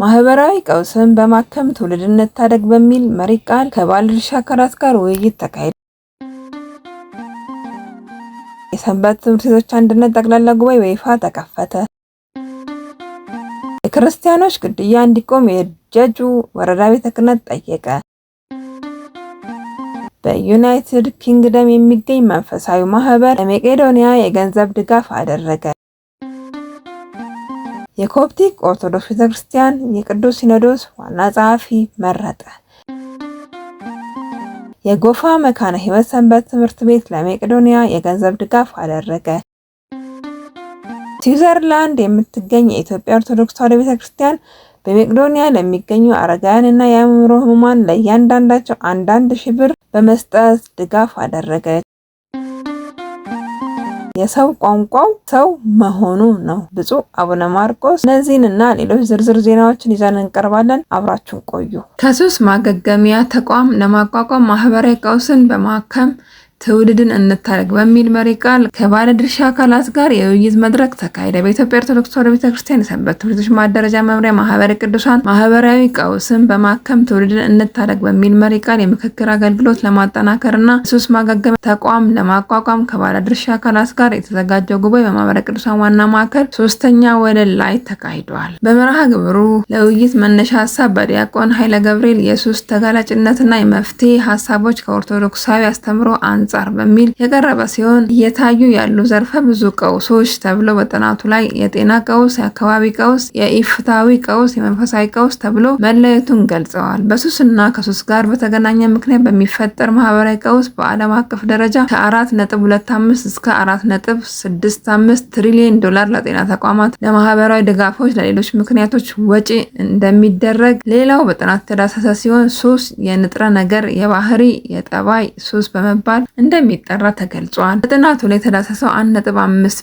ማህበራዊ ቀውስን በማከም ትውልድነት እንታደግ በሚል መሪ ቃል ከባለድርሻ አካላት ጋር ውይይት ተካሂዷል። የሰንበት ትምህርት ቤቶች አንድነት ጠቅላላ ጉባኤ በይፋ ተከፈተ። የክርስቲያኖች ግድያ እንዲቆም የጀጁ ወረዳ ቤተ ክህነት ጠየቀ። በዩናይትድ ኪንግደም የሚገኝ መንፈሳዊ ማህበር ለመቄዶንያ የገንዘብ ድጋፍ አደረገ። የኮፕቲክ ኦርቶዶክስ ቤተክርስቲያን የቅዱስ ሲኖዶስ ዋና ጸሐፊ መረጠ። የጎፋ መካነ ሕይወት ሰንበት ትምህርት ቤት ለመቄዶንያ የገንዘብ ድጋፍ አደረገ። ስዊዘርላንድ የምትገኝ የኢትዮጵያ ኦርቶዶክስ ተዋሕዶ ቤተክርስቲያን ክርስቲያን በመቄዶንያ ለሚገኙ አረጋውያን እና የአእምሮ ሕሙማን ለእያንዳንዳቸው አንዳንድ ሺህ ብር በመስጠት ድጋፍ አደረገች። የሰው ቋንቋው ሰው መሆኑ ነው። ብፁዕ አቡነ ማርቆስ እነዚህንና ሌሎች ዝርዝር ዜናዎችን ይዘን እንቀርባለን። አብራችሁን ቆዩ። ከሱስ ማገገሚያ ተቋም ለማቋቋም ማህበራዊ ቀውስን በማከም ትውልድን እንታደግ በሚል መሪ ቃል ከባለድርሻ አካላት ጋር የውይይት መድረክ ተካሄደ። በኢትዮጵያ ኦርቶዶክስ ተዋሕዶ ቤተክርስቲያን የሰንበት ትምህርት ቤቶች ማደረጃ መምሪያ ማህበረ ቅዱሳን ማህበራዊ ቀውስን በማከም ትውልድን እንታደግ በሚል መሪ ቃል የምክክር አገልግሎት ለማጠናከርና ሱስ ማገገም ተቋም ለማቋቋም ከባለድርሻ አካላት ጋር የተዘጋጀው ጉባኤ በማህበረ ቅዱሳን ዋና ማዕከል ሶስተኛ ወለል ላይ ተካሂደዋል። በመርሃ ግብሩ ለውይይት መነሻ ሀሳብ በዲያቆን ኃይለ ገብርኤል የሱስ ተጋላጭነትና የመፍትሄ ሀሳቦች ከኦርቶዶክሳዊ አስተምሮ አን አንጻር በሚል የቀረበ ሲሆን እየታዩ ያሉ ዘርፈ ብዙ ቀውሶች ተብሎ በጥናቱ ላይ የጤና ቀውስ፣ የአካባቢ ቀውስ፣ የኢፍታዊ ቀውስ፣ የመንፈሳዊ ቀውስ ተብሎ መለየቱን ገልጸዋል። በሱስና ከሱስ ጋር በተገናኘ ምክንያት በሚፈጠር ማህበራዊ ቀውስ በዓለም አቀፍ ደረጃ ከ4.25 እስከ 4.65 ትሪሊዮን ዶላር ለጤና ተቋማት፣ ለማህበራዊ ድጋፎች፣ ለሌሎች ምክንያቶች ወጪ እንደሚደረግ ሌላው በጥናት የተዳሰሰ ሲሆን ሱስ የንጥረ ነገር የባህሪ የጠባይ ሱስ በመባል እንደሚጠራ ተገልጿል። በጥናቱ ላይ የተዳሰሰው 1.5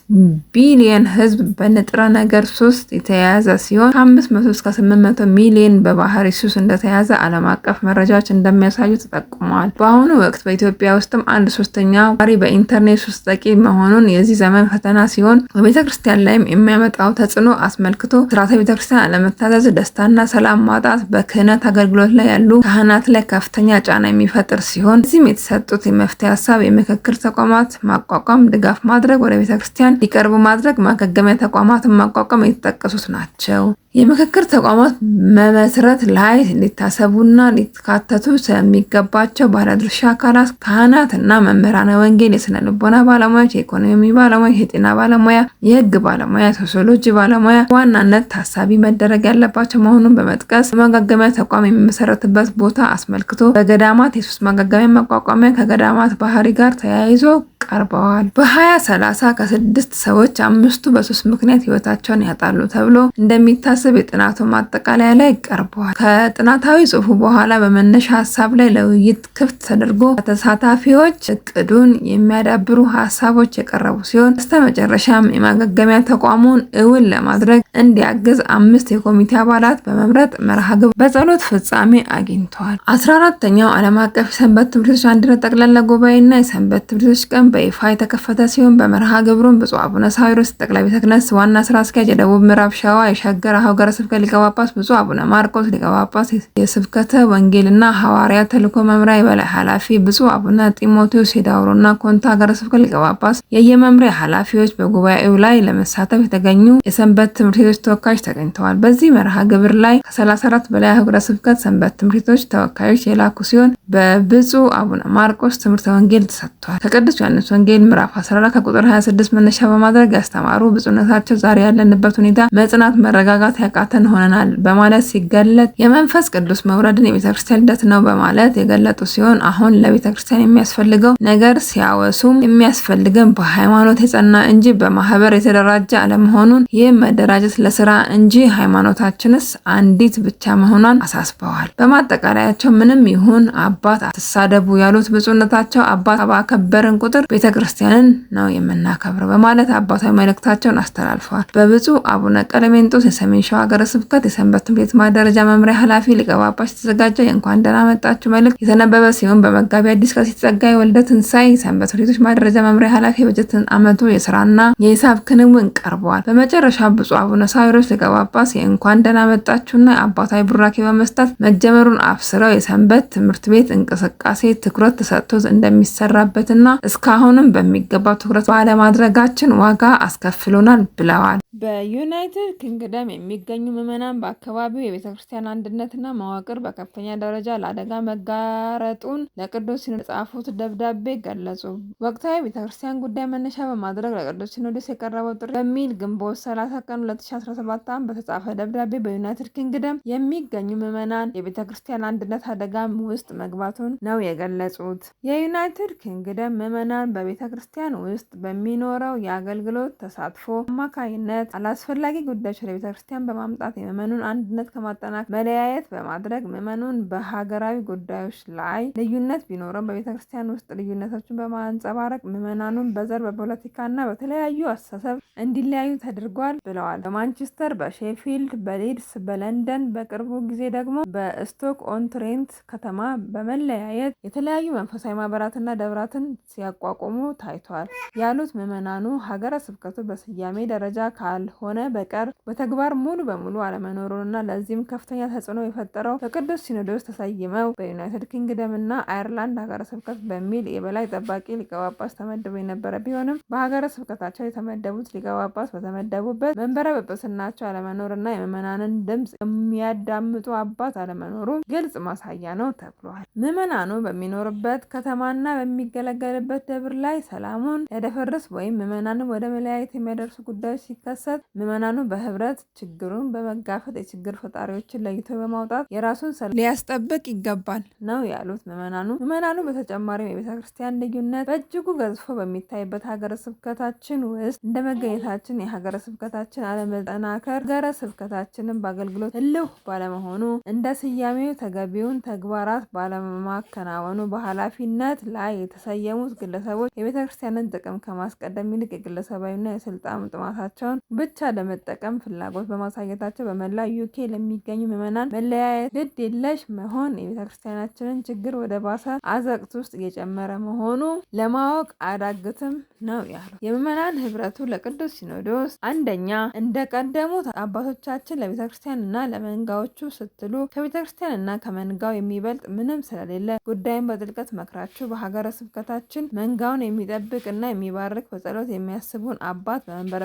ቢሊየን ህዝብ በንጥረ ነገር ሱስ የተያያዘ ሲሆን ከ500 እስከ 800 ሚሊየን በባህሪ ሱስ እንደተያዘ ዓለም አቀፍ መረጃዎች እንደሚያሳዩ ተጠቁመዋል። በአሁኑ ወቅት በኢትዮጵያ ውስጥም አንድ ሶስተኛ ባህሪ በኢንተርኔት ሱስ ጠቂ መሆኑን የዚህ ዘመን ፈተና ሲሆን በቤተ ክርስቲያን ላይም የሚያመጣው ተጽዕኖ አስመልክቶ ስርዓተ ቤተ ክርስቲያን አለመታዘዝ፣ ደስታና ሰላም ማጣት በክህነት አገልግሎት ላይ ያሉ ካህናት ላይ ከፍተኛ ጫና የሚፈጥር ሲሆን እዚህም የተሰጡት የመፍትሄ ሀሳብ የምክክር ተቋማት ማቋቋም፣ ድጋፍ ማድረግ፣ ወደ ቤተ ክርስቲያን ሊቀርቡ ማድረግ፣ ማገገሚያ ተቋማትን ማቋቋም የተጠቀሱት ናቸው። የምክክር ተቋማት መመስረት ላይ ሊታሰቡና ሊካተቱ ስለሚገባቸው ባለድርሻ አካላት ካህናት እና መምህራነ ወንጌል፣ የስነ ልቦና ባለሙያዎች፣ የኢኮኖሚ ባለሙያዎች፣ የጤና ባለሙያ፣ የህግ ባለሙያ፣ የሶሲዮሎጂ ባለሙያ ዋናነት ታሳቢ መደረግ ያለባቸው መሆኑን በመጥቀስ የማገገሚያ ተቋም የሚመሰረትበት ቦታ አስመልክቶ በገዳማት የሱስ ማገገሚያ መቋቋሚያ ከገዳማት ባህል ባህሪ ጋር ተያይዞ ቀርበዋል። በ በ2030 ከስድስት ሰዎች አምስቱ በሱስ ምክንያት ህይወታቸውን ያጣሉ ተብሎ እንደሚታሰብ የጥናቱ ማጠቃለያ ላይ ቀርበዋል። ከጥናታዊ ጽሁፉ በኋላ በመነሻ ሀሳብ ላይ ለውይይት ክፍት ተደርጎ ከተሳታፊዎች እቅዱን የሚያዳብሩ ሀሳቦች የቀረቡ ሲሆን መጨረሻም የማገገሚያ ተቋሙን እውን ለማድረግ እንዲያግዝ አምስት የኮሚቴ አባላት በመምረጥ መርሃ ግብ በጸሎት ፍጻሜ አግኝተዋል። አስራ አራተኛው ዓለም አቀፍ የሰንበት ትምህርቶች አንድነት ጠቅላላ ጉባኤና የሰንበት ትምህርቶች ቀን በይፋ የተከፈተ ሲሆን በመርሃ ግብሩም ብፁዕ አቡነ ሳዊሮስ ጠቅላይ ቤተ ክህነት ዋና ስራ አስኪያጅ፣ የደቡብ ምዕራብ ሸዋ የሸገር ሀገረ ስብከት ሊቀ ጳጳስ፣ ብፁዕ አቡነ ማርቆስ ሊቀ ጳጳስ የስብከተ ወንጌልና ሐዋርያ ተልእኮ መምሪያ የበላይ ኃላፊ፣ ብፁዕ አቡነ ጢሞቴዎስ የዳውሮና ኮንታ ሀገረ ስብከት ሊቀ ጳጳስ፣ የየመምሪያ ኃላፊዎች በጉባኤው ላይ ለመሳተፍ የተገኙ የሰንበት ትምህርት ቤቶች ተወካዮች ተገኝተዋል። በዚህ መርሃ ግብር ላይ ከ34 በላይ ሀገረ ስብከት ሰንበት ትምህርት ቤቶች ተወካዮች የላኩ ሲሆን በብፁዕ አቡነ ማርቆስ ትምህርተ ወንጌል ተሰጥቷል። ከቅዱስ በዮሐንስ ወንጌል ምዕራፍ 14 ከቁጥር 26 መነሻ በማድረግ ያስተማሩ ብፁዕነታቸው ዛሬ ያለንበት ሁኔታ መጽናት፣ መረጋጋት ያቃተን ሆነናል በማለት ሲገለጥ የመንፈስ ቅዱስ መውረድን የቤተክርስቲያን ልደት ነው በማለት የገለጡ ሲሆን አሁን ለቤተክርስቲያን የሚያስፈልገው ነገር ሲያወሱም የሚያስፈልገን በሃይማኖት የጸና እንጂ በማህበር የተደራጀ አለመሆኑን ይህ መደራጀት ለስራ እንጂ ሃይማኖታችንስ አንዲት ብቻ መሆኗን አሳስበዋል። በማጠቃለያቸው ምንም ይሁን አባት አትሳደቡ ያሉት ብፁዕነታቸው አባት ባከበርን ቁጥር ቤተ ክርስቲያንን ነው የምናከብረው በማለት አባታዊ መልእክታቸውን አስተላልፈዋል። በብፁዕ አቡነ ቀለሜንጦስ የሰሜን ሸዋ ሀገረ ስብከት የሰንበት ትምህርት ቤት ማደረጃ መምሪያ ኃላፊ ሊቀ ጳጳስ የተዘጋጀ የእንኳን ደህና መጣችሁ መልእክት የተነበበ ሲሆን በመጋቢ አዲስ ቀሲስ ጸጋዬ ወልደ ትንሳኤ የሰንበት ትምህርት ቤቶች ማደረጃ መምሪያ ኃላፊ በጀትን ዓመቱ የስራና የሂሳብ ክንውን ቀርበዋል። በመጨረሻ ብፁዕ አቡነ ሳዊሮስ ሊቀ ጳጳስ የእንኳን ደህና መጣችሁና አባታዊ ቡራኬ በመስጠት መጀመሩን አብስረው የሰንበት ትምህርት ቤት እንቅስቃሴ ትኩረት ተሰጥቶት እንደሚሰራበትና እስካ አሁንም በሚገባ ትኩረት ባለማድረጋችን ዋጋ አስከፍሎናል ብለዋል። በዩናይትድ ኪንግደም የሚገኙ ምዕመናን በአካባቢው የቤተ ክርስቲያን አንድነትና መዋቅር በከፍተኛ ደረጃ ለአደጋ መጋረጡን ለቅዱስ ሲኖዶስ ደብዳቤ ገለጹ። ወቅታዊ ቤተ ክርስቲያን ጉዳይ መነሻ በማድረግ ለቅዱስ ሲኖዶስ የቀረበው ጥሪ በሚል ግንቦት 30 ቀን 2017 ዓ.ም በተጻፈ ደብዳቤ በዩናይትድ ኪንግደም የሚገኙ ምዕመናን የቤተ ክርስቲያን አንድነት አደጋ ውስጥ መግባቱን ነው የገለጹት። የዩናይትድ ኪንግደም ምዕመናን በቤተ ክርስቲያን ውስጥ በሚኖረው የአገልግሎት ተሳትፎ አማካይነት በማለት አላስፈላጊ ጉዳዮች ወደ ቤተክርስቲያን በማምጣት የምዕመኑን አንድነት ከማጠናከር መለያየት በማድረግ ምዕመኑን በሀገራዊ ጉዳዮች ላይ ልዩነት ቢኖረም በቤተክርስቲያን ውስጥ ልዩነቶችን በማንጸባረቅ ምእመናኑን በዘር በፖለቲካና በተለያዩ አስተሳሰብ እንዲለያዩ ተደርጓል ብለዋል። በማንቸስተር፣ በሼፊልድ፣ በሊድስ፣ በለንደን በቅርቡ ጊዜ ደግሞ በስቶክ ኦን ትሬንት ከተማ በመለያየት የተለያዩ መንፈሳዊ ማህበራትና ደብራትን ሲያቋቁሙ ታይቷል ያሉት ምዕመናኑ ሀገረ ስብከቱ በስያሜ ደረጃ ካልሆነ በቀር በተግባር ሙሉ በሙሉ አለመኖሩንና ለዚህም ከፍተኛ ተጽዕኖ የፈጠረው በቅዱስ ሲኖዶስ ተሰይመው በዩናይትድ ኪንግደምና አየርላንድ ሀገረ ስብከት በሚል የበላይ ጠባቂ ሊቀ ጳጳስ ተመድበው የነበረ ቢሆንም በሀገረ ስብከታቸው የተመደቡት ሊቀ ጳጳስ በተመደቡበት መንበረ ጵጵስናቸው አለመኖርና የምዕመናንን ድምፅ የሚያዳምጡ አባት አለመኖሩ ግልጽ ማሳያ ነው ተብሏል። ምዕመናኑ በሚኖርበት ከተማና በሚገለገልበት ደብር ላይ ሰላሙን ያደፈርስ ወይም ምዕመናንን ወደ መለያየት የሚያደርሱ ጉዳዮች ሲከሰ በመከሰት ምዕመናኑ በህብረት ችግሩን በመጋፈጥ የችግር ፈጣሪዎችን ለይቶ በማውጣት የራሱን ሰላም ሊያስጠብቅ ይገባል ነው ያሉት ምዕመናኑ። ምዕመናኑ በተጨማሪም የቤተ ክርስቲያን ልዩነት በእጅጉ ገዝፎ በሚታይበት ሀገረ ስብከታችን ውስጥ እንደ መገኘታችን የሀገረ ስብከታችን አለመጠናከር ሀገረ ስብከታችንን በአገልግሎት እልህ ባለመሆኑ እንደ ስያሜው ተገቢውን ተግባራት ባለማከናወኑ በኃላፊነት ላይ የተሰየሙት ግለሰቦች የቤተ ክርስቲያንን ጥቅም ከማስቀደም ይልቅ የግለሰባዊና የስልጣን ጥማታቸውን ብቻ ለመጠቀም ፍላጎት በማሳየታቸው በመላ ዩኬ ለሚገኙ ምዕመናን መለያየት፣ ግድ የለሽ መሆን የቤተክርስቲያናችንን ችግር ወደ ባሰ አዘቅት ውስጥ እየጨመረ መሆኑ ለማወቅ አዳግትም ነው ያሉ የምዕመናን ህብረቱ ለቅዱስ ሲኖዶስ አንደኛ እንደቀደሙት አባቶቻችን ለቤተክርስቲያንና ለመንጋዎቹ ስትሉ ከቤተክርስቲያንና ከመንጋው የሚበልጥ ምንም ስለሌለ ጉዳዩን በጥልቀት መክራችሁ በሀገረ ስብከታችን መንጋውን የሚጠብቅና የሚባርክ በጸሎት የሚያስቡን አባት በመንበረ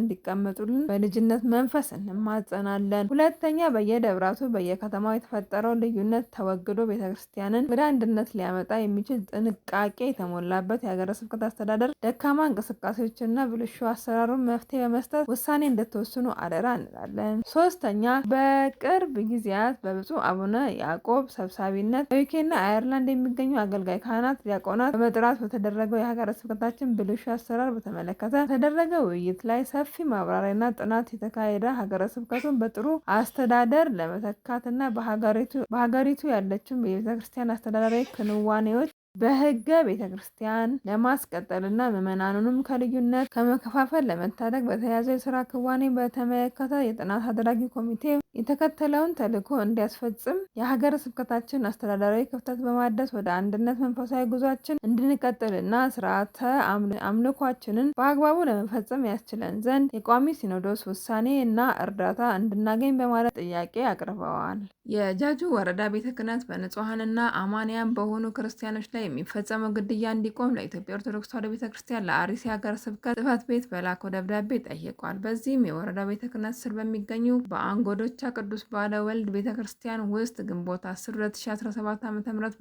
እንዲቀመጡልን በልጅነት መንፈስ እንማጸናለን። ሁለተኛ በየደብራቱ በየከተማው የተፈጠረው ልዩነት ተወግዶ ቤተክርስቲያንን ወደ አንድነት ሊያመጣ የሚችል ጥንቃቄ የተሞላበት የሀገረ ስብከት አስተዳደር ደካማ እንቅስቃሴዎችና ብልሹ አሰራሩን መፍትሄ በመስጠት ውሳኔ እንድትወስኑ አደራ እንላለን። ሶስተኛ በቅርብ ጊዜያት በብፁዕ አቡነ ያዕቆብ ሰብሳቢነት በዩኬና አየርላንድ የሚገኙ አገልጋይ ካህናት፣ ዲያቆናት በመጥራት በተደረገው የሀገረ ስብከታችን ብልሹ አሰራር በተመለከተ በተደረገ ውይይት ላይ ሰፍ ሰፊ ማብራሪያና ጥናት የተካሄደ ሀገረ ስብከቱን በጥሩ አስተዳደር ለመተካትና በሀገሪቱ ያለችውን የቤተክርስቲያን አስተዳደራዊ ክንዋኔዎች በህገ ቤተ ክርስቲያን ለማስቀጠልና ምዕመናኑንም ከልዩነት ከመከፋፈል ለመታደግ በተያዘው የስራ ክዋኔ በተመለከተ የጥናት አድራጊ ኮሚቴ የተከተለውን ተልዕኮ እንዲያስፈጽም የሀገረ ስብከታችን አስተዳደራዊ ክፍተት በማደስ ወደ አንድነት መንፈሳዊ ጉዟችን እንድንቀጥልና ስርዓተ አምልኳችንን በአግባቡ ለመፈጸም ያስችለን ዘንድ የቋሚ ሲኖዶስ ውሳኔ እና እርዳታ እንድናገኝ በማለት ጥያቄ አቅርበዋል። የጃጁ ወረዳ ቤተ ክህነት በንጹሐንና አማንያን በሆኑ ክርስቲያኖች ላይ የሚፈጸመው ግድያ እንዲቆም ለኢትዮጵያ ኦርቶዶክስ ተዋሕዶ ቤተ ክርስቲያን ለአርሲ ሀገረ ስብከት ጽሕፈት ቤት በላከው ደብዳቤ ጠይቋል። በዚህም የወረዳ ቤተ ክህነት ስር በሚገኙ በአንጎዶቻ ቅዱስ ባለ ወልድ ቤተ ክርስቲያን ውስጥ ግንቦት 10 2017 ዓ ም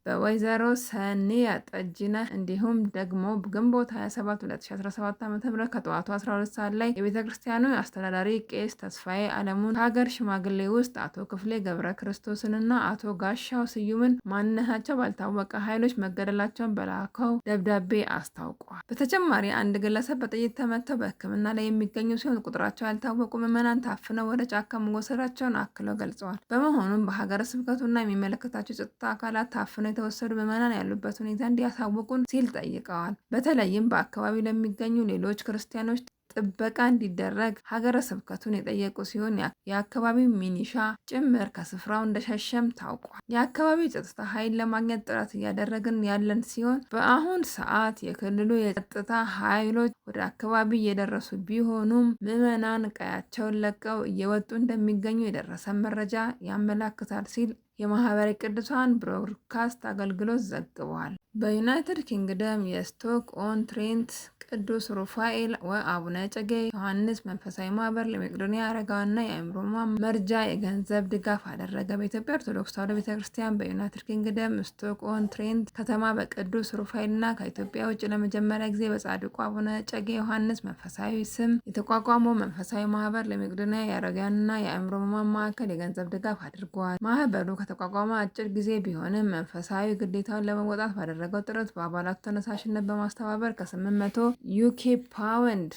በወይዘሮ ሰኒያ ጠጅነ እንዲሁም ደግሞ ግንቦት 27 2017 ዓ ም ከጠዋቱ 12 ሰዓት ላይ የቤተ ክርስቲያኑ አስተዳዳሪ ቄስ ተስፋዬ አለሙን ከሀገር ሽማግሌ ውስጥ አቶ ክፍሌ ገብረ ክርስቶስንና አቶ ጋሻው ስዩምን ማንነታቸው ባልታወቀ ኃይሎች መገደላ እንዳላቸውን በላከው ደብዳቤ አስታውቋል። በተጨማሪ አንድ ግለሰብ በጥይት ተመተው በሕክምና ላይ የሚገኙ ሲሆን ቁጥራቸው ያልታወቁ ምዕመናን ታፍነው ወደ ጫካ መወሰዳቸውን አክለው ገልጸዋል። በመሆኑም በሀገረ ስብከቱና የሚመለከታቸው የጸጥታ አካላት ታፍነው የተወሰዱ ምዕመናን ያሉበት ሁኔታ እንዲያሳውቁን ሲል ጠይቀዋል። በተለይም በአካባቢው ለሚገኙ ሌሎች ክርስቲያኖች ጥበቃ እንዲደረግ ሀገረ ስብከቱን የጠየቁ ሲሆን የአካባቢው ሚኒሻ ጭምር ከስፍራው እንደሸሸም ታውቋል። የአካባቢው ጸጥታ ኃይል ለማግኘት ጥረት እያደረግን ያለን ሲሆን በአሁን ሰዓት የክልሉ የጸጥታ ኃይሎች ወደ አካባቢ እየደረሱ ቢሆኑም ምዕመናን ቀያቸውን ለቀው እየወጡ እንደሚገኙ የደረሰ መረጃ ያመላክታል ሲል የማህበረ ቅዱሳን ብሮድካስት አገልግሎት ዘግቧል። በዩናይትድ ኪንግደም የስቶክ ኦን ትሬንት ቅዱስ ሩፋኤል ወአቡነ ጨጌ ዮሐንስ መንፈሳዊ ማህበር ለመቄዶንያ አረጋውያንና የአእምሮ መርጃ የገንዘብ ድጋፍ አደረገ። በኢትዮጵያ ኦርቶዶክስ ተዋሕዶ ቤተ ክርስቲያን በዩናይትድ ኪንግደም ስቶክ ትሬንት ከተማ በቅዱስ ሩፋኤልና ከኢትዮጵያ ውጭ ለመጀመሪያ ጊዜ በጻድቁ አቡነ ጨጌ ዮሐንስ መንፈሳዊ ስም የተቋቋመው መንፈሳዊ ማህበር ለመቄዶንያ የአረጋውያንና የአእምሮ ሕሙማን ማዕከል የገንዘብ ድጋፍ አድርጓል። ማህበሩ ከተቋቋመ አጭር ጊዜ ቢሆንም መንፈሳዊ ግዴታውን ለመወጣት ባደረገው ጥረት በአባላቱ ተነሳሽነት በማስተባበር ከስምንት መቶ ዩኬ ፓውንድ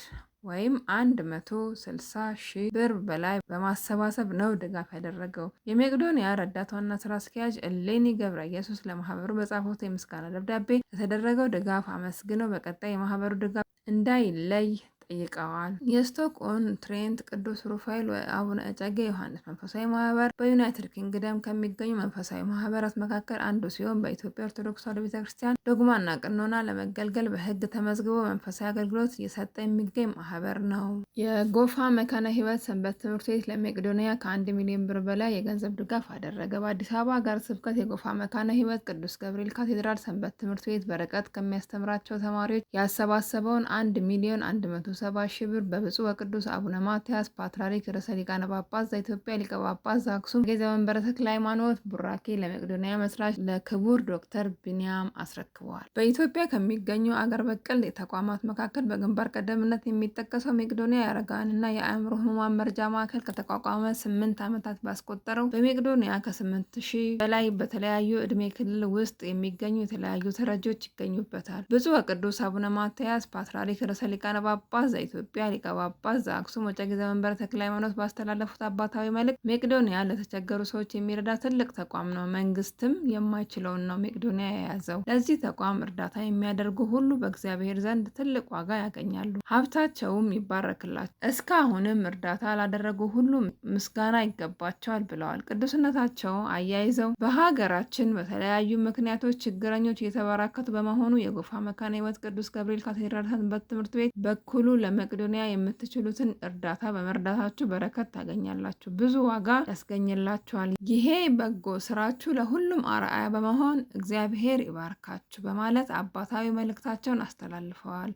ወይም 160 ሺህ ብር በላይ በማሰባሰብ ነው ድጋፍ ያደረገው። የመቄዶንያ ረዳት ዋና ስራ አስኪያጅ እሌኒ ገብረ ኢየሱስ ለማህበሩ በጻፉት የምስጋና ደብዳቤ ለተደረገው ድጋፍ አመስግነው በቀጣይ የማህበሩ ድጋፍ እንዳይለይ ጠይቀዋል። የስቶክኦን ትሬንት ቅዱስ ሩፋኤል አቡነ እጨጌ ዮሐንስ መንፈሳዊ ማህበር በዩናይትድ ኪንግደም ከሚገኙ መንፈሳዊ ማህበራት መካከል አንዱ ሲሆን በኢትዮጵያ ኦርቶዶክስ ተዋሕዶ ቤተክርስቲያን ዶግማና ቅኖና ለመገልገል በህግ ተመዝግቦ መንፈሳዊ አገልግሎት እየሰጠ የሚገኝ ማህበር ነው። የጎፋ መካነ ህይወት ሰንበት ትምህርት ቤት ለመቄዶንያ ከአንድ ሚሊዮን ብር በላይ የገንዘብ ድጋፍ አደረገ። በአዲስ አበባ ሀገረ ስብከት የጎፋ መካነ ህይወት ቅዱስ ገብርኤል ካቴድራል ሰንበት ትምህርት ቤት በርቀት ከሚያስተምራቸው ተማሪዎች ያሰባሰበውን አንድ ሚሊዮን አንድ መቶ ሰባ ሺህ ብር በብፁዕ ወቅዱስ አቡነ ማትያስ ፓትርያርክ ረሰ ሊቃነ ጳጳስ ዘኢትዮጵያ ሊቀ ጳጳስ ዘአክሱም እጨጌ ዘመንበረ ተክለ ሃይማኖት ቡራኬ ለመቄዶንያ መስራች ለክቡር ዶክተር ቢንያም አስረክበዋል። በኢትዮጵያ ከሚገኙ አገር በቀል ተቋማት መካከል በግንባር ቀደምነት የሚጠቀሰው መቄዶንያ የአረጋውያንና የአእምሮ ህሙማን መርጃ ማዕከል ከተቋቋመ ስምንት ዓመታት ባስቆጠረው በመቄዶንያ ከስምንት ሺህ በላይ በተለያዩ ዕድሜ ክልል ውስጥ የሚገኙ የተለያዩ ተረጆች ይገኙበታል። ብፁዕ ወቅዱስ አቡነ ማትያስ ፓትርያርክ ረሰ ሊቃነ ጳጳስ ዘኢትዮጵያ ሊቀ ጳጳስ ዘአክሱም ወዕጨጌ ዘመንበረ ተክለ ሃይማኖት ባስተላለፉት አባታዊ መልእክት መቄዶንያ ለተቸገሩ ሰዎች የሚረዳ ትልቅ ተቋም ነው። መንግስትም የማይችለውን ነው መቄዶንያ የያዘው። ለዚህ ተቋም እርዳታ የሚያደርጉ ሁሉ በእግዚአብሔር ዘንድ ትልቅ ዋጋ ያገኛሉ፣ ሀብታቸውም ይባረክላቸው። እስካሁንም እርዳታ ላደረጉ ሁሉ ምስጋና ይገባቸዋል ብለዋል። ቅዱስነታቸው አያይዘው በሀገራችን በተለያዩ ምክንያቶች ችግረኞች እየተበራከቱ በመሆኑ የጎፋ መካነ ሕይወት ቅዱስ ገብርኤል ካቴድራል ሰንበት ትምህርት ቤት በኩሉ ለመቄዶንያ የምትችሉትን እርዳታ በመርዳታችሁ በረከት ታገኛላችሁ፣ ብዙ ዋጋ ያስገኝላችኋል። ይሄ በጎ ስራችሁ ለሁሉም አርአያ በመሆን እግዚአብሔር ይባርካችሁ በማለት አባታዊ መልእክታቸውን አስተላልፈዋል።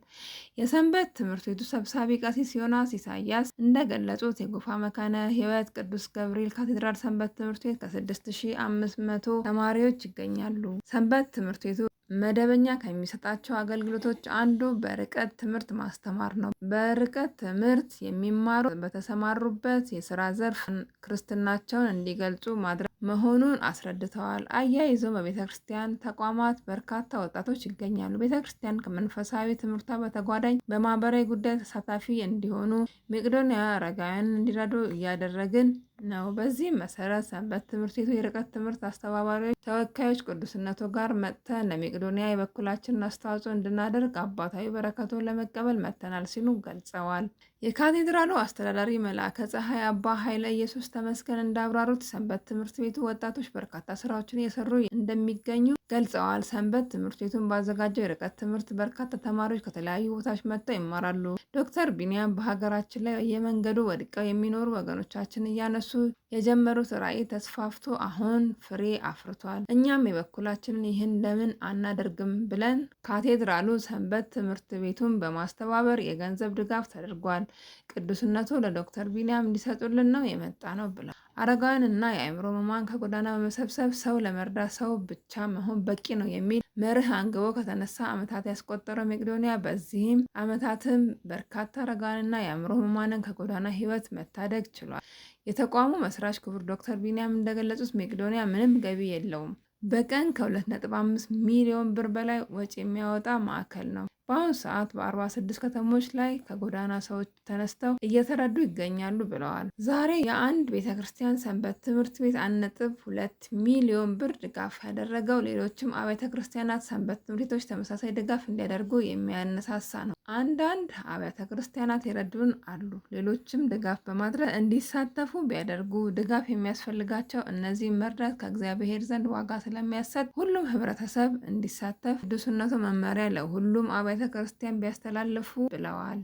የሰንበት ትምህርት ቤቱ ሰብሳቢ ቀሲስ ዮናስ ኢሳያስ እንደገለጹት የጎፋ መካነ ሕይወት ቅዱስ ገብርኤል ካቴድራል ሰንበት ትምህርት ቤት ከ6500 ተማሪዎች ይገኛሉ። ሰንበት ትምህርት ቤቱ መደበኛ ከሚሰጣቸው አገልግሎቶች አንዱ በርቀት ትምህርት ማስተማር ነው። በርቀት ትምህርት የሚማሩ በተሰማሩበት የስራ ዘርፍ ክርስትናቸውን እንዲገልጹ ማድረግ መሆኑን አስረድተዋል። አያይዞ በቤተ ክርስቲያን ተቋማት በርካታ ወጣቶች ይገኛሉ። ቤተ ክርስቲያን ከመንፈሳዊ ትምህርቷ በተጓዳኝ በማህበራዊ ጉዳይ ተሳታፊ እንዲሆኑ መቄዶንያውያን አረጋውያንን እንዲረዱ እያደረግን ነው። በዚህም መሰረት ሰንበት ትምህርት ቤቱ የርቀት ትምህርት አስተባባሪዎች ተወካዮች ቅዱስነቱ ጋር መጥተን ለመቄዶንያ የበኩላችንን አስተዋጽኦ እንድናደርግ አባታዊ በረከቱን ለመቀበል መጥተናል ሲሉ ገልጸዋል። የካቴድራሉ አስተዳዳሪ መልአከ ፀሐይ አባ ኃይለ ኢየሱስ ተመስገን እንዳብራሩት ሰንበት ትምህርት ቤቱ ወጣቶች በርካታ ስራዎችን እየሰሩ እንደሚገኙ ገልጸዋል። ሰንበት ትምህርት ቤቱን ባዘጋጀው የርቀት ትምህርት በርካታ ተማሪዎች ከተለያዩ ቦታዎች መጥተው ይማራሉ። ዶክተር ቢኒያም በሀገራችን ላይ የመንገዱ ወድቀው የሚኖሩ ወገኖቻችን እያነሱ የጀመሩት ራዕይ ተስፋፍቶ አሁን ፍሬ አፍርቷል። እኛም የበኩላችንን ይህን ለምን አናደርግም ብለን ካቴድራሉ ሰንበት ትምህርት ቤቱን በማስተባበር የገንዘብ ድጋፍ ተደርጓል። ቅዱስነቱ ለዶክተር ቢንያም እንዲሰጡልን ነው የመጣ ነው ብለል አረጋውያን እና የአእምሮ ሕሙማን ከጎዳና በመሰብሰብ ሰው ለመርዳት ሰው ብቻ መሆን በቂ ነው የሚል መርህ አንግቦ ከተነሳ ዓመታት ያስቆጠረው መቄዶንያ በዚህም ዓመታትም በርካታ አረጋውያንና የአእምሮ ሕሙማንን ከጎዳና ህይወት መታደግ ችሏል። የተቋሙ መስራች ክቡር ዶክተር ቢንያም እንደገለጹት መቄዶንያ ምንም ገቢ የለውም። በቀን ከ2.5 ሚሊዮን ብር በላይ ወጪ የሚያወጣ ማዕከል ነው። በአሁኑ ሰዓት በአርባ ስድስት ከተሞች ላይ ከጎዳና ሰዎች ተነስተው እየተረዱ ይገኛሉ ብለዋል። ዛሬ የአንድ ቤተ ክርስቲያን ሰንበት ትምህርት ቤት አንድ ነጥብ ሁለት ሚሊዮን ብር ድጋፍ ያደረገው ሌሎችም አብያተ ክርስቲያናት ሰንበት ትምህርት ቤቶች ተመሳሳይ ድጋፍ እንዲያደርጉ የሚያነሳሳ ነው። አንዳንድ አብያተ ክርስቲያናት የረዱን አሉ፣ ሌሎችም ድጋፍ በማድረግ እንዲሳተፉ ቢያደርጉ ድጋፍ የሚያስፈልጋቸው እነዚህ መርዳት ከእግዚአብሔር ዘንድ ዋጋ ስለሚያሰጥ ሁሉም ህብረተሰብ እንዲሳተፍ ቅዱስነቱ መመሪያ ለሁሉም አብያ ቤተ ክርስቲያን ቢያስተላልፉ ብለዋል።